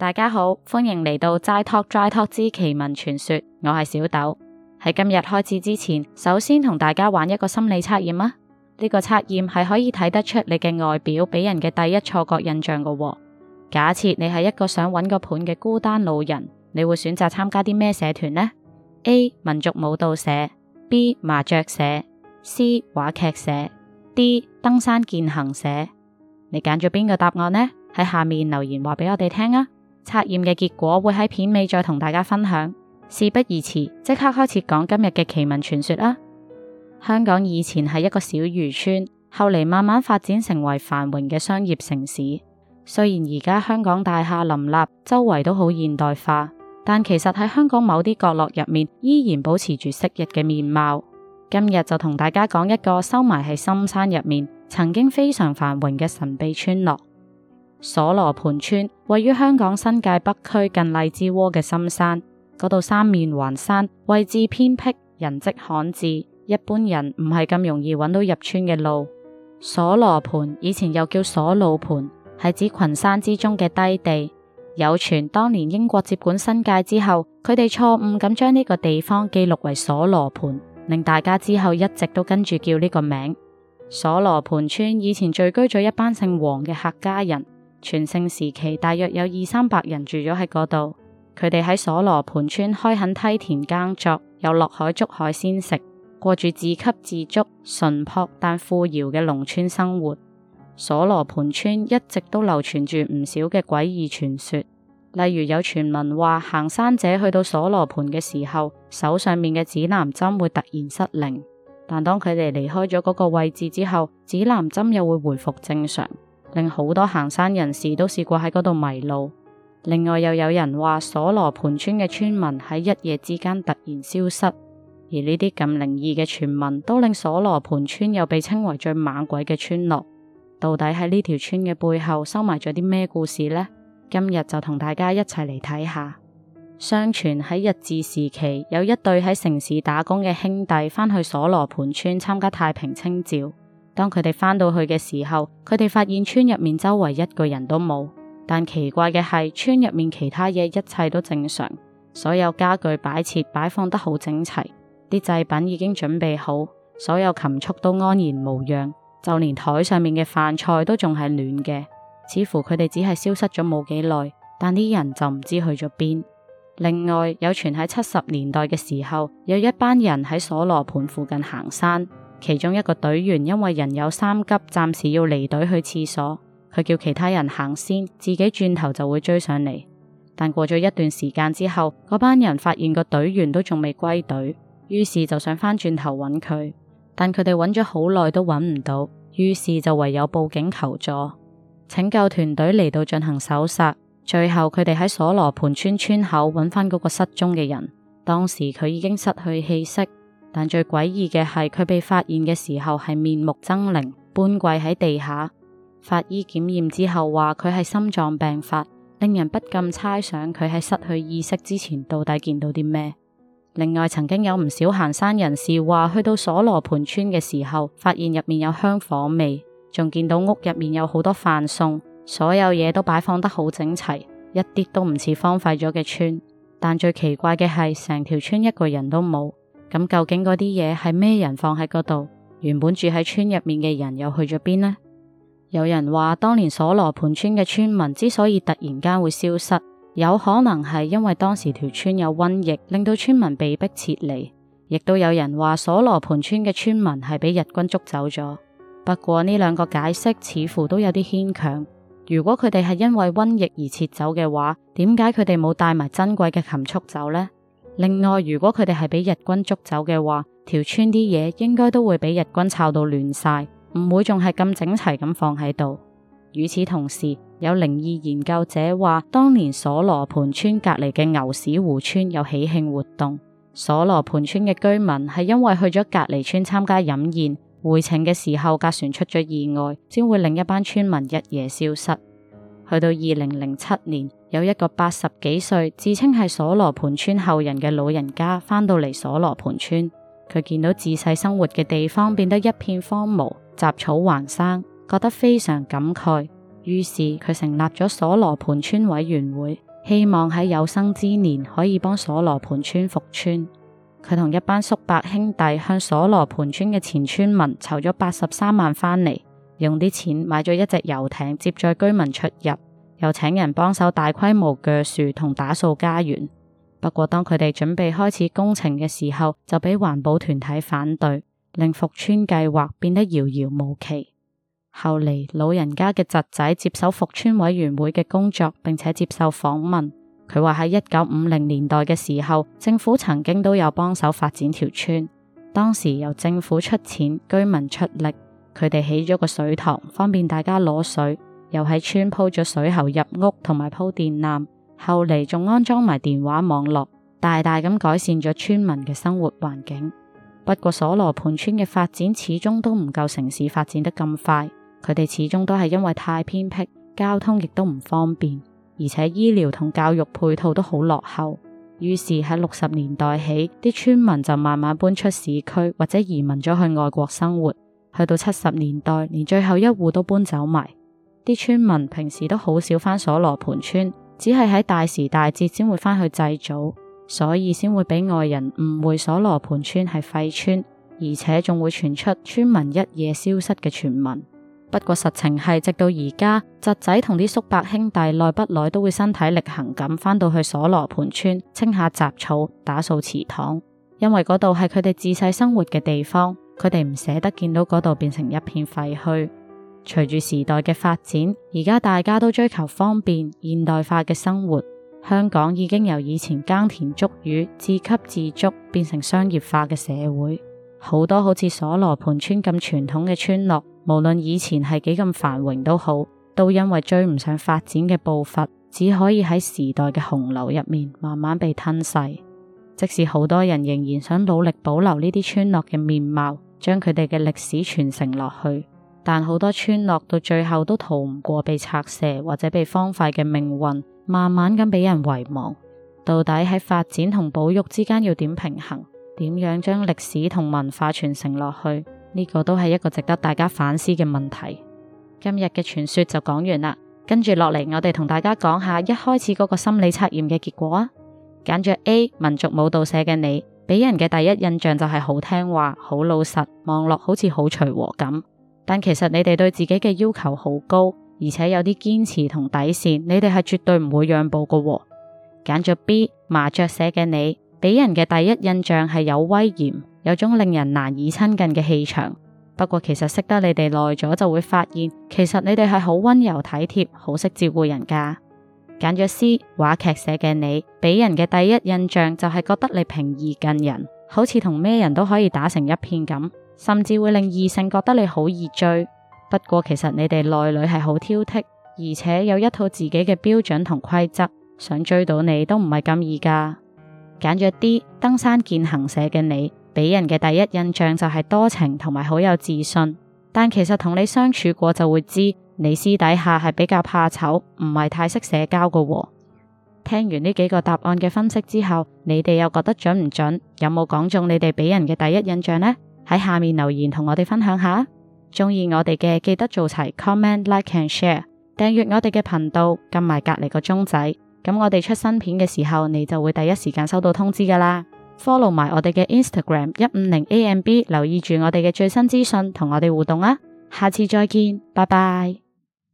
大家好，歡迎嚟到齋 Talk 齋 Talk 之奇聞傳說。我係小豆喺，今日開始之前，首先同大家玩一個心理測驗啊！呢個測驗係可以睇得出你嘅外表俾人嘅第一錯覺印象噶喎。假設你係一個想搵個伴嘅孤單老人，你會選擇參加啲咩社團呢？A 民族舞蹈社、B 麻雀社、C 話劇社、D 登山健行社。你揀咗邊個答案呢？喺下面留言話俾我哋聽啊！測驗嘅結果會喺片尾再同大家分享。事不宜遲，即刻開始講今日嘅奇聞傳說啦。香港以前係一個小漁村，後嚟慢慢發展成為繁榮嘅商業城市。雖然而家香港大廈林立，周圍都好現代化，但其實喺香港某啲角落入面，依然保持住昔日嘅面貌。今日就同大家講一個收埋喺深山入面，曾經非常繁榮嘅神秘村落。鎖羅盆村位於香港新界北區近荔枝窩嘅深山，嗰度三面環山，位置偏僻，人跡罕至，一般人唔係咁容易揾到入村嘅路。鎖羅盆以前又叫鎖路盆，係指群山之中嘅低地。有傳當年英國接管新界之後，佢哋錯誤咁將呢個地方記錄為鎖羅盆，令大家之後一直都跟住叫呢個名。鎖羅盆村以前聚居咗一班姓黃嘅客家人。全盛時期，大約有二三百人住咗喺嗰度。佢哋喺鎖羅盆村開墾梯田耕作，又落海捉海鮮食，過住自給自足、淳樸但富饒嘅農村生活。鎖羅盆村一直都流傳住唔少嘅詭異傳說，例如有傳聞話，行山者去到鎖羅盆嘅時候，手上面嘅指南針會突然失靈，但當佢哋離開咗嗰個位置之後，指南針又會回復正常。令好多行山人士都試過喺嗰度迷路。另外又有人話，鎖羅盆村嘅村民喺一夜之間突然消失。而呢啲咁靈異嘅傳聞，都令鎖羅盆村又被稱為最猛鬼嘅村落。到底喺呢條村嘅背後，收埋咗啲咩故事呢？今日就同大家一齊嚟睇下。相傳喺日治時期，有一對喺城市打工嘅兄弟，返去鎖羅盆村參加太平清醮。當佢哋返到去嘅時候，佢哋發現村入面周圍一個人都冇，但奇怪嘅係村入面其他嘢一切都正常，所有家具擺設擺放得好整齊，啲祭品已經準備好，所有禽畜都安然無恙，就連台上面嘅飯菜都仲係暖嘅，似乎佢哋只係消失咗冇幾耐，但啲人就唔知去咗邊。另外有傳喺七十年代嘅時候，有一班人喺鎖羅盆附近行山。其中一個隊員因為人有三急，暫時要離隊去廁所，佢叫其他人先行先，自己轉頭就會追上嚟。但過咗一段時間之後，嗰班人發現個隊員都仲未歸隊，於是就想返轉頭揾佢，但佢哋揾咗好耐都揾唔到，於是就唯有報警求助，請救團隊嚟到進行搜殺。最後佢哋喺所羅盤村村,村口揾返嗰個失蹤嘅人，當時佢已經失去氣息。但最詭異嘅係，佢被發現嘅時候係面目猙獰，半跪喺地下。法醫檢驗之後話佢係心臟病發，令人不禁猜想佢喺失去意識之前到底見到啲咩。另外，曾經有唔少行山人士話去到鎖羅盆村嘅時候，發現入面有香火味，仲見到屋入面有好多飯餸，所有嘢都擺放得好整齊，一啲都唔似荒廢咗嘅村。但最奇怪嘅係，成條村一個人都冇。咁究竟嗰啲嘢係咩人放喺嗰度？原本住喺村入面嘅人又去咗邊呢？有人話當年鎖羅盆村嘅村民之所以突然間會消失，有可能係因為當時條村有瘟疫，令到村民被逼撤離。亦都有人話鎖羅盆村嘅村民係俾日軍捉走咗。不過呢兩個解釋似乎都有啲牽強。如果佢哋係因為瘟疫而撤走嘅話，點解佢哋冇帶埋珍貴嘅禽畜走呢？另外，如果佢哋係畀日軍捉走嘅話，條村啲嘢應該都會畀日軍抄到亂晒，唔會仲係咁整齊咁放喺度。與此同時，有靈異研究者話，當年鎖羅盆村隔籬嘅牛屎湖村有喜慶活動，鎖羅盆村嘅居民係因為去咗隔籬村參加飲宴，回程嘅時候駕船出咗意外，先會令一班村民一夜消失。去到二零零七年，有一個八十幾歲、自稱係鎖羅盆村後人嘅老人家，翻到嚟鎖羅盆村，佢見到自細生活嘅地方變得一片荒蕪、雜草橫生，覺得非常感慨。於是佢成立咗鎖羅盆村委員會，希望喺有生之年可以幫鎖羅盆村復村。佢同一班叔伯兄弟向鎖羅盆村嘅前村民籌咗八十三萬返嚟。用啲錢買咗一隻遊艇，接載居民出入，又請人幫手大規模鋸樹同打掃家園。不過，當佢哋準備開始工程嘅時候，就俾環保團體反對，令復村計劃變得遙遙無期。後嚟，老人家嘅侄仔接手復村委員會嘅工作，並且接受訪問。佢話喺一九五零年代嘅時候，政府曾經都有幫手發展條村，當時由政府出錢，居民出力。佢哋起咗個水塘，方便大家攞水；又喺村鋪咗水喉入屋，同埋鋪電纜。後嚟仲安裝埋電話網絡，大大咁改善咗村民嘅生活環境。不過，鎖羅盆村嘅發展始終都唔夠城市發展得咁快。佢哋始終都係因為太偏僻，交通亦都唔方便，而且醫療同教育配套都好落後。於是喺六十年代起，啲村民就慢慢搬出市區，或者移民咗去外國生活。去到七十年代，連最後一戶都搬走埋，啲村民平時都好少返鎖羅盆村，只係喺大時大節先會返去祭祖，所以先會俾外人誤會鎖羅盆村係廢村，而且仲會傳出村民一夜消失嘅傳聞。不過實情係，直到而家侄仔同啲叔伯兄弟耐不耐都會身體力行咁返到去鎖羅盆村清下雜草、打掃祠堂，因為嗰度係佢哋自細生活嘅地方。佢哋唔捨得見到嗰度變成一片廢墟。隨住時代嘅發展，而家大家都追求方便現代化嘅生活，香港已經由以前耕田捉魚自給自足，變成商業化嘅社會。好多好似鎖羅盆村咁傳統嘅村落，無論以前係幾咁繁榮都好，都因為追唔上發展嘅步伐，只可以喺時代嘅洪流入面慢慢被吞噬。即使好多人仍然想努力保留呢啲村落嘅面貌。將佢哋嘅歷史傳承落去，但好多村落到最後都逃唔過被拆卸或者被荒廢嘅命運，慢慢咁俾人遺忘。到底喺發展同保育之間要點平衡？點樣將歷史同文化傳承落去？呢個都係一個值得大家反思嘅問題。今日嘅傳說就講完啦，跟住落嚟我哋同大家講下一開始嗰個心理測驗嘅結果啊，揀着 A 民族舞蹈社嘅你。俾人嘅第一印象就係好聽話、好老實，望落好似好隨和咁。但其實你哋對自己嘅要求好高，而且有啲堅持同底線，你哋係絕對唔會讓步㗎喎。揀咗 B 麻雀寫嘅你，俾人嘅第一印象係有威嚴，有種令人難以親近嘅氣場。不過其實識得你哋耐咗就會發現，其實你哋係好溫柔體貼，好識照顧人家。揀咗 C 話劇社嘅你，俾人嘅第一印象就係覺得你平易近人，好似同咩人都可以打成一片咁，甚至會令異性覺得你好易追。不過其實你哋內裏係好挑剔，而且有一套自己嘅標準同規則，想追到你都唔係咁易㗎。揀咗 D 登山健行社嘅你，俾人嘅第一印象就係多情同埋好有自信，但其實同你相處過就會知。你私底下係比較怕醜，唔係太識社交噶喎。聽完呢幾個答案嘅分析之後，你哋又覺得準唔準？有冇講中你哋俾人嘅第一印象呢？喺下面留言同我哋分享下。中意我哋嘅記得做齊 comment、like and share，訂閱我哋嘅頻道，撳埋隔籬個鐘仔，咁我哋出新片嘅時候，你就會第一時間收到通知噶啦。follow 埋我哋嘅 Instagram 一五零 AMB，留意住我哋嘅最新資訊，同我哋互動啊！下次再見，拜拜。